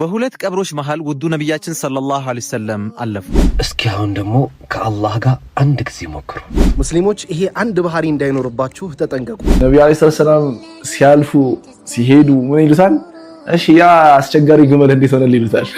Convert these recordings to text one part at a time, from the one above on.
በሁለት ቀብሮች መሃል ውዱ ነቢያችን ሰለላሁ ዐለይሂ ወሰለም አለፉ። እስኪ አሁን ደግሞ ከአላህ ጋር አንድ ጊዜ ሞክሩ። ሙስሊሞች ይሄ አንድ ባህሪ እንዳይኖርባችሁ ተጠንቀቁ። ነቢዩ ዐለይሂ ሰላም ሲያልፉ ሲሄዱ ምን ይሉታል? እሺ ያ አስቸጋሪ ግመል እንዴት ሆነል ይሉታል።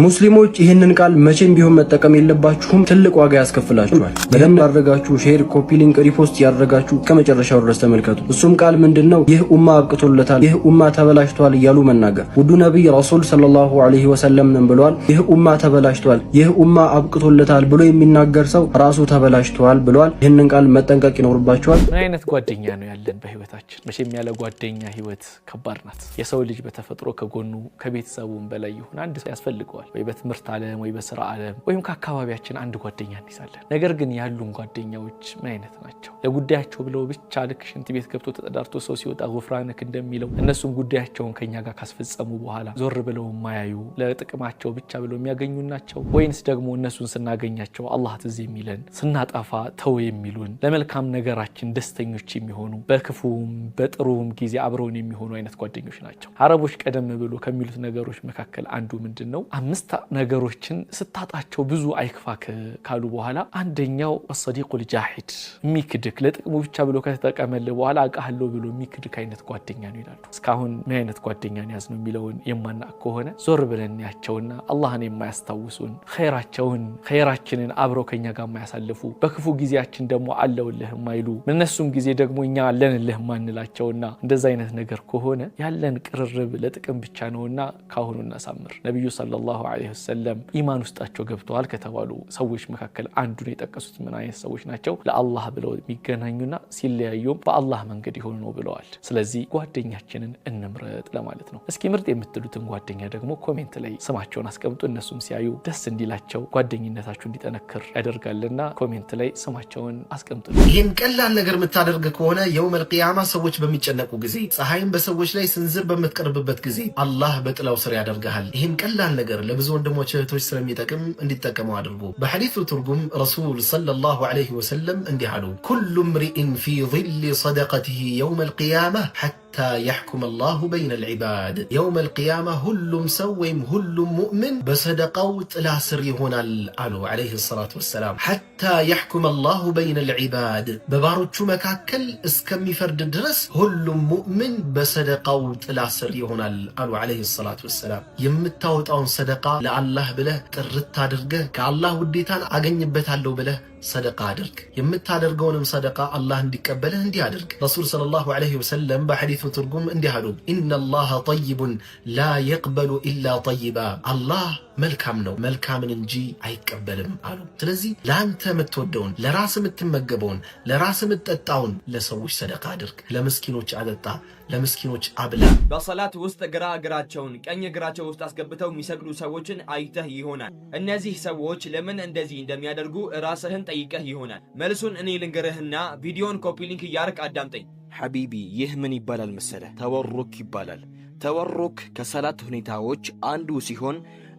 ሙስሊሞች ይህንን ቃል መቼም ቢሆን መጠቀም የለባችሁም። ትልቅ ዋጋ ያስከፍላችኋል። በደንብ ያደረጋችሁ ሼር፣ ኮፒ ሊንክ፣ ሪፖስት ያደረጋችሁ ከመጨረሻው ድረስ ተመልከቱ። እሱም ቃል ምንድን ነው? ይህ ኡማ አብቅቶለታል፣ ይህ ኡማ ተበላሽቷል እያሉ መናገር። ውዱ ነቢይ ረሱል ሰለላሁ ዐለይሂ ወሰለም ብሏል፣ ይህ ኡማ ተበላሽቷል፣ ይህ ኡማ አብቅቶለታል ብሎ የሚናገር ሰው ራሱ ተበላሽቷል ብሏል። ይህንን ቃል መጠንቀቅ ይኖርባችኋል። ምን አይነት ጓደኛ ነው ያለን በህይወታችን? መቼም ያለ ጓደኛ ህይወት ከባድ ናት። የሰው ልጅ በተፈጥሮ ከጎኑ ከቤተሰቡም በላይ ይሁን አንድ ሰው ያስፈልገዋል ይኖረዋል። ወይ በትምህርት ዓለም ወይ በስራ ዓለም ወይም ከአካባቢያችን አንድ ጓደኛ እንይዛለን። ነገር ግን ያሉን ጓደኛዎች ምን አይነት ናቸው? ለጉዳያቸው ብለው ብቻ ልክ ሽንት ቤት ገብቶ ተጠዳርቶ ሰው ሲወጣ ወፍራንክ እንደሚለው እነሱም ጉዳያቸውን ከኛ ጋር ካስፈጸሙ በኋላ ዞር ብለው የማያዩ ለጥቅማቸው ብቻ ብለው የሚያገኙ ናቸው ወይንስ ደግሞ እነሱን ስናገኛቸው አላህ ትዝ የሚለን ስናጠፋ ተው የሚሉን ለመልካም ነገራችን ደስተኞች የሚሆኑ በክፉም በጥሩም ጊዜ አብረውን የሚሆኑ አይነት ጓደኞች ናቸው። አረቦች ቀደም ብሎ ከሚሉት ነገሮች መካከል አንዱ ምንድን ነው አምስት ነገሮችን ስታጣቸው ብዙ አይክፋክ ካሉ በኋላ አንደኛው አሰዲቁል ልጃሂድ የሚክድክ ለጥቅሙ ብቻ ብሎ ከተጠቀመልህ በኋላ አውቃለሁ ብሎ የሚክድክ አይነት ጓደኛ ነው ይላሉ። እስካሁን ምን አይነት ጓደኛ ነው ያዝነው የሚለውን የማናቅ ከሆነ ዞር ብለን ያቸውና አላህን የማያስታውሱን ኸይራቸውን ኸይራችንን አብረው ከኛ ጋር የማያሳልፉ በክፉ ጊዜያችን ደግሞ አለውልህ የማይሉ እነሱም ጊዜ ደግሞ እኛ አለንልህ ማንላቸውና እንደዛ አይነት ነገር ከሆነ ያለን ቅርርብ ለጥቅም ብቻ ነውና ካሁኑ እናሳምር። ነቢዩ ሰለላሁ ሰለላሁ ዐለይሂ ወሰለም ኢማን ውስጣቸው ገብተዋል ከተባሉ ሰዎች መካከል አንዱን የጠቀሱት ምን አይነት ሰዎች ናቸው? ለአላህ ብለው የሚገናኙና ሲለያዩም በአላህ መንገድ የሆኑ ነው ብለዋል። ስለዚህ ጓደኛችንን እንምረጥ ለማለት ነው። እስኪ ምርጥ የምትሉትን ጓደኛ ደግሞ ኮሜንት ላይ ስማቸውን አስቀምጡ። እነሱም ሲያዩ ደስ እንዲላቸው ጓደኝነታችሁ እንዲጠነክር ያደርጋልና ኮሜንት ላይ ስማቸውን አስቀምጡ። ይህን ቀላል ነገር የምታደርግ ከሆነ የውመል ቂያማ ሰዎች በሚጨነቁ ጊዜ፣ ፀሐይም በሰዎች ላይ ስንዝር በምትቀርብበት ጊዜ አላህ በጥላው ስር ያደርግሃል። ይህን ቀላል ነገር لبزو وندمو تشهتوش سلمي تكم اندي تكمو عدرقو بحديث ترجم رسول صلى الله عليه وسلم اندي حلو كل امرئ في ظل صدقته يوم القيامة حتى ሐታ ያሕኩም አላሁ በይነ ልዕባድ የውም አልቅያማ ሁሉም ሰው ወይም ሁሉም ሙእምን በሰደቃው ጥላ ስር ይሆናል አሉ ዓለይሂ ሰላቱ ወሰላም። ሐታ ያሕኩም አላሁ በይነ ልዕባድ በባሮቹ መካከል እስከሚፈርድ ድረስ ሁሉም ሙእምን በሰደቃው ጥላ ስር ይሆናል አሉ ዓለይሂ ሰላቱ ወሰላም። የምታወጣውን ሰደቃ ለአላህ ብለህ ጥርት አድርገህ ከአላህ ውዴታን አገኝበታለሁ ብለህ ሰደቃ አድርግ። የምታደርገውንም ሰደቃ አላህ እንዲቀበልህ እንዲህ አድርግ። ረሱል ሰለላሁ ዐለይሂ ወሰለም በሐዲሱ ትርጉም እንዲህ አሉ፣ ኢነላህ ጠይቡን ላ የቅበሉ ኢላ ጠይባ አላህ መልካም ነው፣ መልካምን እንጂ አይቀበልም አሉ። ስለዚህ ለአንተ የምትወደውን ለራስ የምትመገበውን ለራስ የምትጠጣውን ለሰዎች ሰደቃ አድርግ። ለምስኪኖች አጠጣ፣ ለምስኪኖች አብላ። በሰላት ውስጥ ግራ እግራቸውን ቀኝ እግራቸው ውስጥ አስገብተው የሚሰግዱ ሰዎችን አይተህ ይሆናል። እነዚህ ሰዎች ለምን እንደዚህ እንደሚያደርጉ ራስህን ጠይቀህ ይሆናል። መልሱን እኔ ልንገርህና ቪዲዮን ኮፒ ሊንክ እያርቅ አዳምጠኝ። ሐቢቢ ይህ ምን ይባላል መሰለህ? ተወሩክ ይባላል። ተወሩክ ከሰላት ሁኔታዎች አንዱ ሲሆን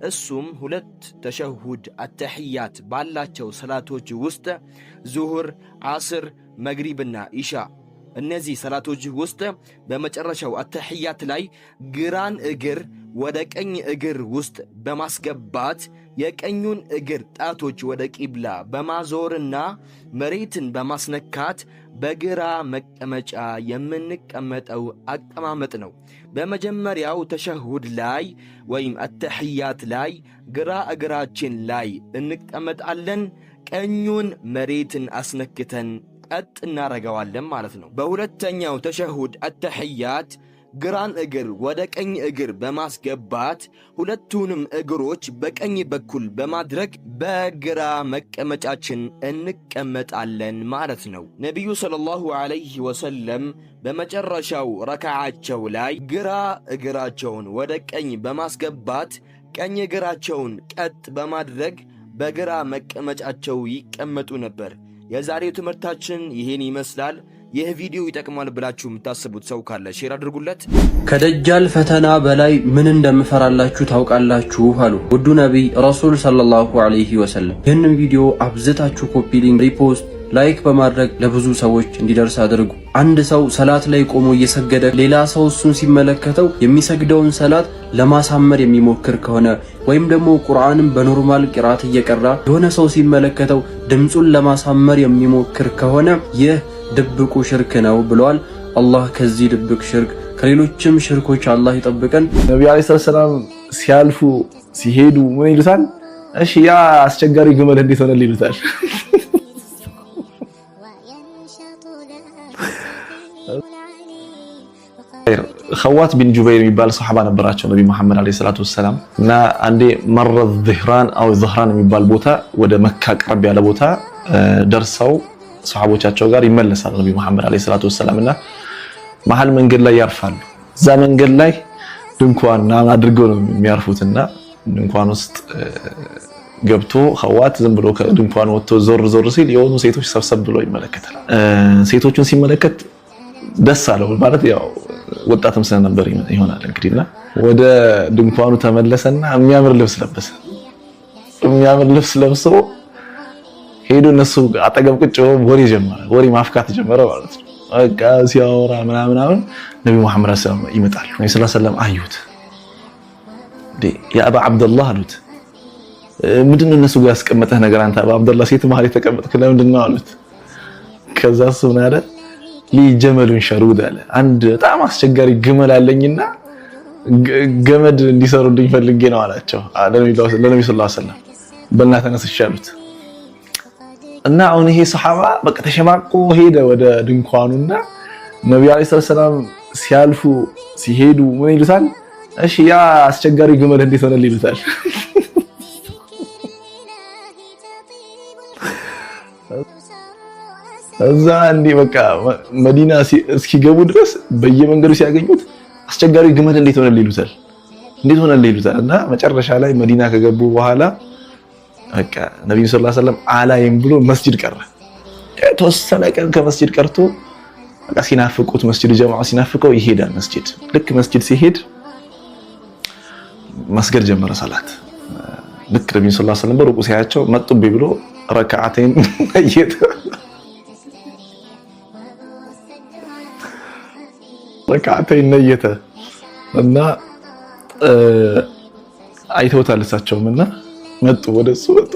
እሱም ሁለት ተሸሁድ አተሕያት ባላቸው ሰላቶች ውስጥ ዙሁር፣ አስር፣ መግሪብና ኢሻ እነዚህ ሰላቶች ውስጥ በመጨረሻው አተሕያት ላይ ግራን እግር ወደ ቀኝ እግር ውስጥ በማስገባት የቀኙን እግር ጣቶች ወደ ቂብላ በማዞርና መሬትን በማስነካት በግራ መቀመጫ የምንቀመጠው አቀማመጥ ነው። በመጀመሪያው ተሸሁድ ላይ ወይም አተሕያት ላይ ግራ እግራችን ላይ እንቀመጣለን። ቀኙን መሬትን አስነክተን ቀጥ እናረገዋለን ማለት ነው። በሁለተኛው ተሸሁድ አተሕያት ግራን እግር ወደ ቀኝ እግር በማስገባት ሁለቱንም እግሮች በቀኝ በኩል በማድረግ በግራ መቀመጫችን እንቀመጣለን ማለት ነው። ነቢዩ ሰለላሁ ዐለይሂ ወሰለም በመጨረሻው ረካዓቸው ላይ ግራ እግራቸውን ወደ ቀኝ በማስገባት ቀኝ እግራቸውን ቀጥ በማድረግ በግራ መቀመጫቸው ይቀመጡ ነበር። የዛሬው ትምህርታችን ይህን ይመስላል። ይህ ቪዲዮ ይጠቅማል ብላችሁ የምታስቡት ሰው ካለ ሼር አድርጉለት። ከደጃል ፈተና በላይ ምን እንደምፈራላችሁ ታውቃላችሁ አሉ ውዱ ነቢይ ረሱል ሰለላሁ ዐለይሂ ወሰለም። ይህንን ቪዲዮ አብዝታችሁ ኮፒሊንግ፣ ሪፖስት፣ ላይክ በማድረግ ለብዙ ሰዎች እንዲደርስ አድርጉ። አንድ ሰው ሰላት ላይ ቆሞ እየሰገደ ሌላ ሰው እሱን ሲመለከተው የሚሰግደውን ሰላት ለማሳመር የሚሞክር ከሆነ ወይም ደግሞ ቁርአንን በኖርማል ቅራት እየቀራ የሆነ ሰው ሲመለከተው ድምፁን ለማሳመር የሚሞክር ከሆነ ይህ ድብቁ ሽርክ ነው ብለዋል። አላህ ከዚህ ድብቅ ሽርክ ከሌሎችም ሽርኮች አላህ ይጠብቀን። ነቢ ዓለይሂ ሰላም ሲያልፉ ሲሄዱ ምን ይሉታል? እሺ ያ አስቸጋሪ ግመል እንዴት ሆነ ይሉታል። ኸዋት ቢን ጁበይር የሚባል ሰሐባ ነበራቸው ነቢ መሐመድ ዓለይሂ ሰላቱ ወሰላም እና አንዴ መረ ዝህራን አው ዝህራን የሚባል ቦታ ወደ መካ ቅረብ ያለ ቦታ ደርሰው ሰሃቦቻቸው ጋር ይመለሳሉ ነቢ መሐመድ ዓለይሂ ሰላቱ ወሰላም እና መሀል መንገድ ላይ ያርፋሉ። እዛ መንገድ ላይ ድንኳን አድርገው ነው የሚያርፉትና ድንኳን ውስጥ ገብቶ ኸዋት ዝም ብሎ ከድንኳን ወጥቶ ዞር ዞር ሲል የሆኑ ሴቶች ሰብሰብ ብሎ ይመለከታል። ሴቶቹን ሲመለከት ደስ አለው ማለት ያው ወጣትም ስለነበር ይሆናል እንግዲህና ወደ ድንኳኑ ተመለሰና የሚያምር ልብስ ለበሰ። የሚያምር ልብስ ለብሶ ሄዶ እነሱ አጠገብ ቁጭ ብሎ ወሬ ጀመረ፣ ወሬ ማፍካት ጀመረ ማለት ነው። በቃ ሲያወራ ምናምን ምናምን ነቢ መሐመድ ሰለላሁ ይመጣል። ነቢ ሰለላሁ ሰለም አዩት። የአባ አብደላህ አሉት፣ ምንድን እነሱ ጋር ያስቀመጠህ ነገር አንተ አባ አብደላህ ሴት መሀል የተቀመጥክ ለምንድን ነው አሉት። ከዛ እሱ ምን አለ ጀመሉን ሸሩድ አለ፣ አንድ በጣም አስቸጋሪ ግመል አለኝና ገመድ እንዲሰሩልኝ ፈልጌ ነው አላቸው ለነቢ ሰለላሁ ሰለም በእናትህ ተነስሽ አሉት እና አሁን ይሄ ሰሃባ በቃ ተሸማቆ ሄደ ወደ ድንኳኑና ነቢዩ ዓለይሂ ሰላም ሲያልፉ ሲሄዱ ምን ይሉታል? እሺ ያ አስቸጋሪ ግመል እንዴት ሆነል ይሉታል። እዛ እንዲ በቃ መዲና እስኪገቡ ድረስ በየመንገዱ ሲያገኙት አስቸጋሪ ግመል እንዴት ሆነል ይሉታል፣ እንዴት ሆነል ይሉታል። እና መጨረሻ ላይ መዲና ከገቡ በኋላ በቃ ነብዩ ሰለላሁ ዐለይሂ ወሰለም አላይም ብሎ መስጂድ ቀረ። የተወሰነ ቀን ከመስጂድ ቀርቶ በቃ ሲናፍቁት መስጂድ ጀማዓ ሲናፍቀው ይሄዳል መስጂድ። ልክ መስጂድ ሲሄድ መስገድ ጀመረ ሰላት። ልክ ነብዩ ሰለላሁ ዐለይሂ ወሰለም በሩቁ ሲያቸው መጡብኝ ብሎ ረካዓቴን ነየተ ረካዓቴን ነየተ እና አይተውታል እሳቸውም እና መጡ፣ ወደ እሱ መጡ።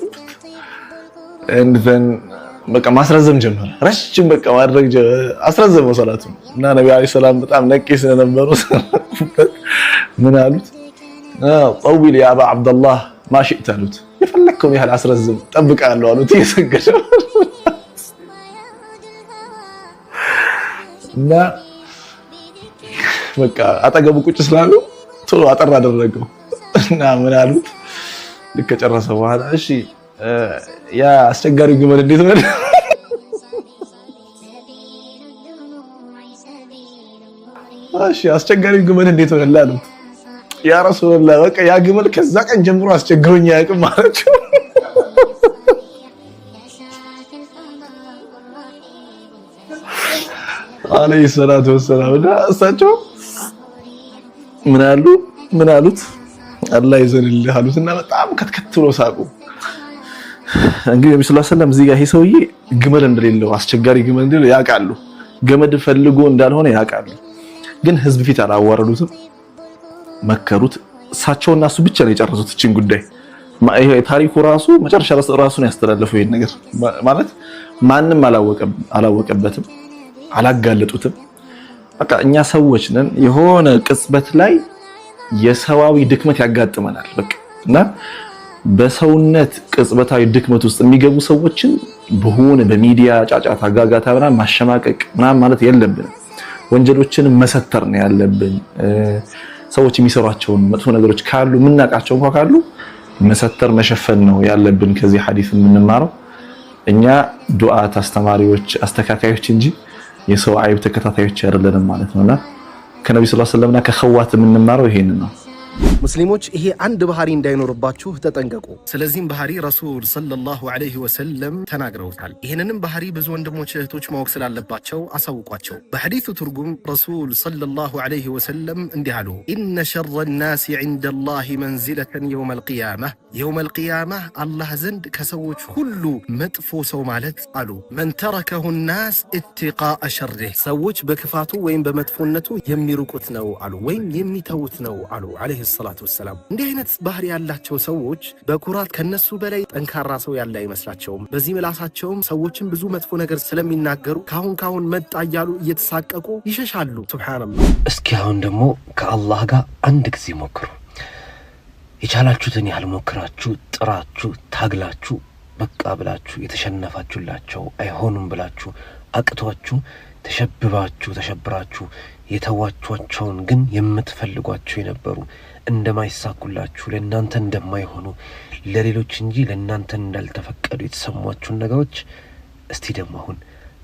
በቃ ማስረዘም ጀመረ። ረጅም በቃ ማድረግ አስረዘመው ሰላቱ እና ነቢ አለይሂ ሰላም በጣም ነቂ ስለነበሩ ምን አሉት? ጠዊል ያ አባ አብደላህ ማሽእት አሉት። የፈለግከውን ያህል አስረዝም ጠብቃለሁ አሉት። እየሰገደ እና በቃ አጠገቡ ቁጭ ስላሉ ቶሎ አጠር አደረገው እና ምን አሉት ልክ ከጨረሰ በኋላ እሺ፣ ያ አስቸጋሪው ግመል እንዴት ነው እሺ፣ አስቸጋሪው ግመል እንዴት ያ ረሱላህ በቃ ያ ግመል ከዛ ቀን ጀምሮ አስቸግሮኝ አያውቅም አለይሂ ሰላቱ ወሰላም እና እሳቸው ምን አሉ ምን አሉት አላህ ይዘንልህ እና በጣም ከትከት ብሎ ሳቁ። እንግዲህ ነቢ ስላ ዐለይሂ እዚህ ጋር ይሄ ሰውዬ ግመል እንደሌለው አስቸጋሪ ግመል እንደሌለው ያውቃሉ። ገመድ ፈልጎ እንዳልሆነ ያውቃሉ። ግን ህዝብ ፊት አላዋረዱትም፣ መከሩት። እሳቸውና እሱ ብቻ ነው የጨረሱት እችን ጉዳይ። ታሪኩ ራሱ መጨረሻ ራሱን ያስተላለፈው ይሄን ነገር ማለት ማንም አላወቀበትም፣ አላጋለጡትም። በቃ እኛ ሰዎች ነን የሆነ ቅጽበት ላይ የሰዋዊ ድክመት ያጋጥመናል። በቃ እና በሰውነት ቅጽበታዊ ድክመት ውስጥ የሚገቡ ሰዎችን በሆነ በሚዲያ ጫጫታ፣ ጋጋታ ምናምን ማሸማቀቅ ምናምን ማለት የለብንም። ወንጀሎችን መሰተር ነው ያለብን። ሰዎች የሚሰሯቸውን መጥፎ ነገሮች ካሉ የምናውቃቸው እንኳ ካሉ መሰተር መሸፈን ነው ያለብን። ከዚህ ሐዲስ የምንማረው እኛ ዱዓት አስተማሪዎች፣ አስተካካዮች እንጂ የሰው አይብ ተከታታዮች አይደለንም ማለት ነውና ከነቢ ስላ ስለምና ከህዋት የምንማረው ይሄን ነው። ሙስሊሞች ይሄ አንድ ባህሪ እንዳይኖርባችሁ ተጠንቀቁ። ስለዚህም ባህሪ ረሱል ሰለላሁ ዐለይሂ ወሰለም ተናግረውታል። ይህንንም ባህሪ ብዙ ወንድሞች እህቶች ማወቅ ስላለባቸው አሳውቋቸው። በሐዲቱ ትርጉም ረሱል ሰለላሁ ዐለይሂ ወሰለም እንዲህ አሉ፣ ኢነ ሸረ ናሲ ዐንደላሂ መንዚለተን የውም አልቅያማ፣ የውም አልቅያማ አላህ ዘንድ ከሰዎች ሁሉ መጥፎ ሰው ማለት አሉ፣ መን ተረከሁ ናስ ኢትቃአ ሸርህ፣ ሰዎች በክፋቱ ወይም በመጥፎነቱ የሚርቁት ነው አሉ፣ ወይም የሚተዉት ነው አሉ ሰላቱ ወሰላም። እንዲህ አይነት ባህሪ ያላቸው ሰዎች በኩራት ከነሱ በላይ ጠንካራ ሰው ያለ አይመስላቸውም። በዚህ ምላሳቸውም ሰዎችን ብዙ መጥፎ ነገር ስለሚናገሩ ካሁን ካሁን መጣ እያሉ እየተሳቀቁ ይሸሻሉ። ሱብሃነላህ። እስኪ አሁን ደግሞ ከአላህ ጋር አንድ ጊዜ ሞክሩ። የቻላችሁትን ያህል ሞክራችሁ፣ ጥራችሁ፣ ታግላችሁ በቃ ብላችሁ የተሸነፋችሁላቸው አይሆኑም ብላችሁ አቅቷችሁ ተሸብባችሁ ተሸብራችሁ የተዋቿቸውን ግን የምትፈልጓቸው የነበሩ እንደማይሳኩላችሁ ለእናንተ እንደማይሆኑ ለሌሎች እንጂ ለእናንተ እንዳልተፈቀዱ የተሰሟችሁን ነገሮች እስቲ ደግሞ አሁን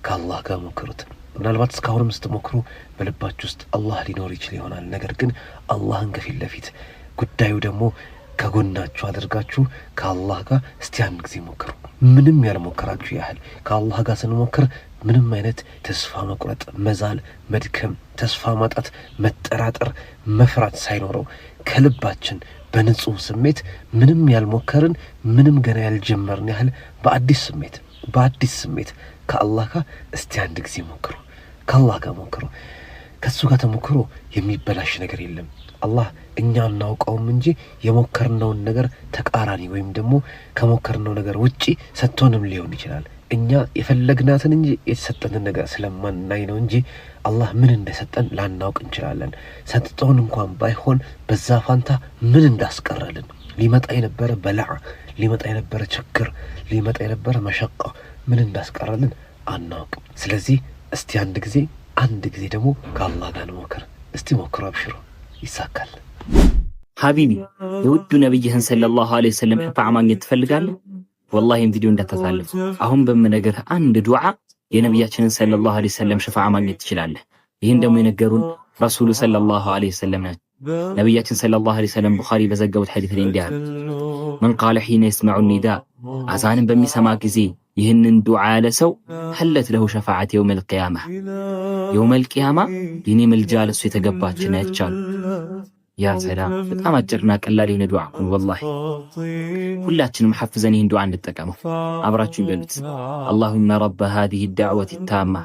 ከአላህ ጋር ሞክሩት። ምናልባት እስካሁንም ስትሞክሩ በልባችሁ ውስጥ አላህ ሊኖር ይችል ይሆናል። ነገር ግን አላህን ከፊት ለፊት ጉዳዩ ደግሞ ከጎናችሁ አድርጋችሁ ከአላህ ጋር እስቲ አንድ ጊዜ ሞክሩ። ምንም ያልሞከራችሁ ያህል ከአላህ ጋር ስንሞክር ምንም አይነት ተስፋ መቁረጥ፣ መዛል፣ መድከም፣ ተስፋ ማጣት፣ መጠራጠር፣ መፍራት ሳይኖረው ከልባችን በንጹህ ስሜት ምንም ያልሞከርን ምንም ገና ያልጀመርን ያህል በአዲስ ስሜት በአዲስ ስሜት ከአላህ ጋር እስቲ አንድ ጊዜ ሞክሩ። ከአላህ ጋር ሞክሩ። ከእሱ ጋር ተሞክሮ የሚበላሽ ነገር የለም። አላህ እኛ እናውቀውም እንጂ የሞከርነውን ነገር ተቃራኒ ወይም ደግሞ ከሞከርነው ነገር ውጪ ሰጥቶንም ሊሆን ይችላል። እኛ የፈለግናትን እንጂ የተሰጠንን ነገር ስለማናይ ነው እንጂ አላህ ምን እንደሰጠን ላናውቅ እንችላለን። ሰጥቶን እንኳን ባይሆን በዛ ፋንታ ምን እንዳስቀረልን ሊመጣ የነበረ በላዕ፣ ሊመጣ የነበረ ችግር፣ ሊመጣ የነበረ መሸቃ ምን እንዳስቀረልን አናውቅም። ስለዚህ እስቲ አንድ ጊዜ አንድ ጊዜ ደግሞ ከአላህ ጋር እንሞክር። እስቲ ሞክሩ፣ አብሽሩ። ይሳካል። ሀቢቢ የውዱ ነቢይህን ሰለላሁ ዐለይሂ ወሰለም ሽፋዓ ማግኘት ትፈልጋለህ? ወላሂም ቪዲዮ እንዳታሳልፍ። አሁን በምነግርህ አንድ ዱዓ የነቢያችንን ሰለላሁ ዐለይሂ ወሰለም ሽፋዓ ማግኘት ትችላለህ። ይህን ደግሞ የነገሩን ረሱሉ ሰለላሁ ዐለይሂ ወሰለም ናቸው። ነቢያችን ሰለላሁ ዐለይሂ ወሰለም ቡኻሪ በዘገቡት ሐዲት ላይ እንዲህ አሉት፣ መን ቃለ ሒነ የስመዑ ኒዳ፣ አዛንን በሚሰማ ጊዜ ይህንን ዱዓ ያለ ሰው ሐለት ለሁ ሸፋዓት የውመል ቂያማ፣ የውመል ቂያማ የኔ ምልጃ ለሱ የተገባች ነች አሉ። ያ ሰላም በጣም አጭርና ቀላል የሆነ ዱዓ ነው። ወላሂ ሁላችንም ሐፍዘን ይህን ዱዓ እንጠቀመው። አብራችሁ ይበሉት። አላሁመ ረበ ሃዚህ ዳዕወት ታማ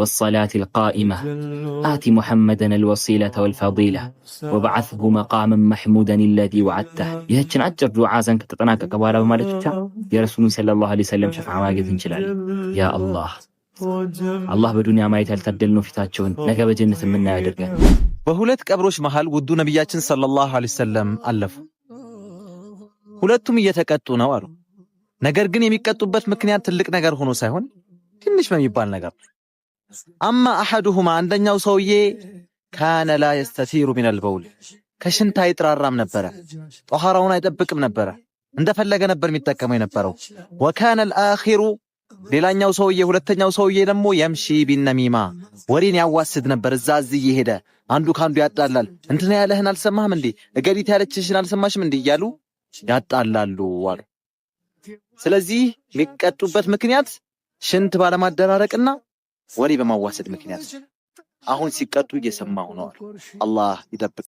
ወሰላት ልቃኢማ አቲ ሙሐመደን አልወሲለተ ወልፈዲላ ወበዓትሁ መቃመን መሕሙደን ለዚ ወዓድተህ። ይህችን አጭር ዱዓ ዘን ከተጠናቀቀ በኋላ በማለት ብቻ የረሱሉን ሰለላሁ ዐለይሂ ወሰለም ሸፍዓ ማግኘት እንችላለን። ያ አላህ አላህ በዱንያ ማየት ያልታደልነው ፊታቸውን ነገ በጀነት የምናየው ያደርገን። በሁለት ቀብሮች መሃል ውዱ ነቢያችን ሰለላሁ ዐለይሂ ወሰለም አለፉ። ሁለቱም እየተቀጡ ነው አሉ። ነገር ግን የሚቀጡበት ምክንያት ትልቅ ነገር ሆኖ ሳይሆን ትንሽ በሚባል ነገር ነው። አማ አሐዱሁማ አንደኛው ሰውዬ ካነ ላ የስተቲሩ ሚነል በውል ከሽንት አይጥራራም ነበረ፣ ጦሃራውን አይጠብቅም ነበረ፣ እንደፈለገ ነበር የሚጠቀመው የነበረው። ወካነ ልአኺሩ ሌላኛው ሰውዬ ሁለተኛው ሰውዬ ደግሞ የምሺ ቢነሚማ ወሬን ያዋስድ ነበር። እዛ እዚህ እየሄደ አንዱ ከአንዱ ያጣላል። እንትና ያለህን አልሰማህም እንዴ? እገዲት ያለችሽን አልሰማሽም እንዴ? እያሉ ያጣላሉ አሉ። ስለዚህ የሚቀጡበት ምክንያት ሽንት ባለማደራረቅና ወሬ በማዋሰድ ምክንያት አሁን ሲቀጡ እየሰማሁ ነው አሉ። አላህ ይጠብቅ።